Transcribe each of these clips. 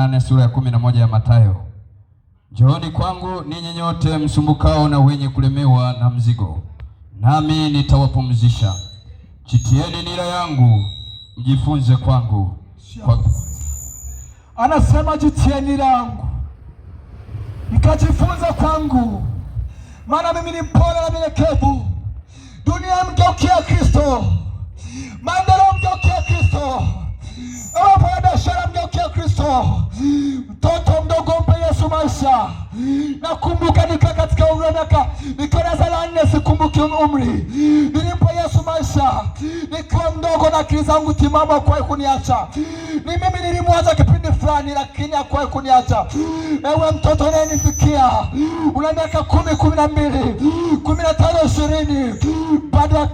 nane sura ya kumi na moja ya Mathayo. Njooni kwangu ninyi nyote msumbukao na wenye kulemewa na mzigo, nami nitawapumzisha. Jitieni nira yangu mjifunze kwangu kwa... anasema jitieni nira yangu mkajifunze kwangu, maana mimi ni mpole na mnyenyekevu. Dunia mgeukia Kristo, maendeleo mgeukia Kristo, biashara mgeukia Kristo maisha. Nakumbuka nika katika umri wa darasa la nne, sikumbuki umri, nilipo Yesu maisha nikiwa mdogo, na akili zangu timamu, hakuwahi kuniacha ni mimi nilimwacha kipindi fulani, lakini hakuwahi kuniacha. Ewe mtoto unayenifikia, una miaka kumi, kumi na mbili, kumi na tano, ishirini bado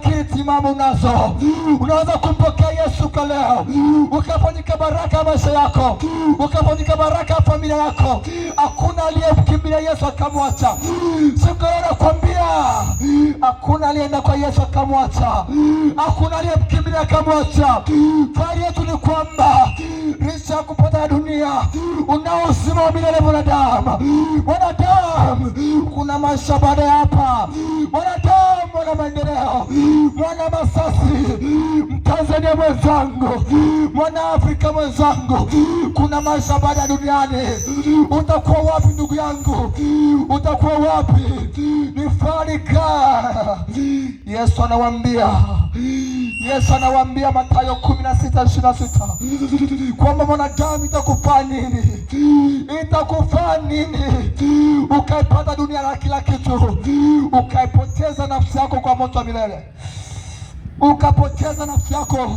mama unazo. Unaweza kumpokea Yesu kwa leo, ukafanyika baraka ya maisha yako, ukafanyika baraka ya familia yako. Hakuna aliyemkimbilia Yesu akamwacha. Siku leo nakwambia, hakuna aliyeenda kwa Yesu akamwacha, hakuna aliyemkimbilia akamwacha. Fahari yetu ni kwamba licha ya kupata dunia unao uzima wa milele mwanadamu. Mwanadamu, kuna maisha baada ya hapa mwanadamu mwana maendeleo, mwana Masasi, Mtanzania mwenzangu, mwana Afrika mwenzangu, kuna maisha baada ya duniani. Utakuwa wapi ndugu yangu? Utakuwa wapi? Nifarika. Yesu anawaambia Yesu anawaambia Mathayo kumi na sita ishirini na sita kwamba mwanadamu itakufaa nini? Itakufaa nini ukaipata dunia na kila kitu moto wa milele, ukapoteza nafsi yako.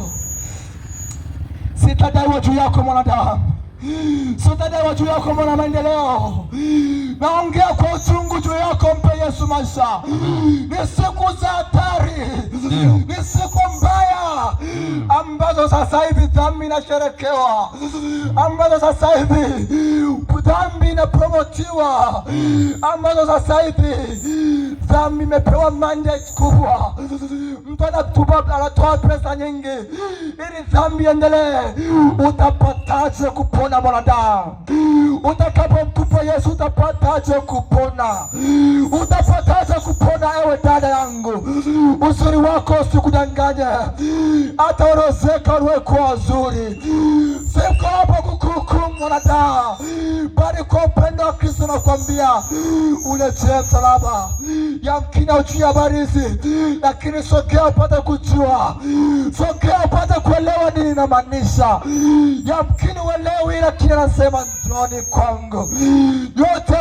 Sitadaiwa juu yako mwanadamu, sitadaiwa juu yako mwana maendeleo. Naongea kwa uchungu juu yako, mpe Yesu maisha. Ni siku za hatari, ni siku mbaya ambazo sasa hivi dhambi inasherekewa, ambazo sasa hivi dhambi inapromotiwa, ambazo sasa hivi dhambi imepewa mandate kubwa. Mtu anatuba anatoa pesa nyingi ili dhambi endelee. Utapataje kupona mwanadamu? Utakapomtupa Yesu utapataje kupona? Utapataje kupona? Ewe dada yangu, uzuri wako usikudanganye, hata orozeka uliwekwa wazuri, siko hapo mwanadamu, bali kwa upendo wa Kristo unakwambia uletee msalaba. Yamkini haujui habari hizi, lakini sogea upate kujua, sogea upate kuelewa nini namaanisha Yamkini uelewi, lakini anasema njoni kwangu yote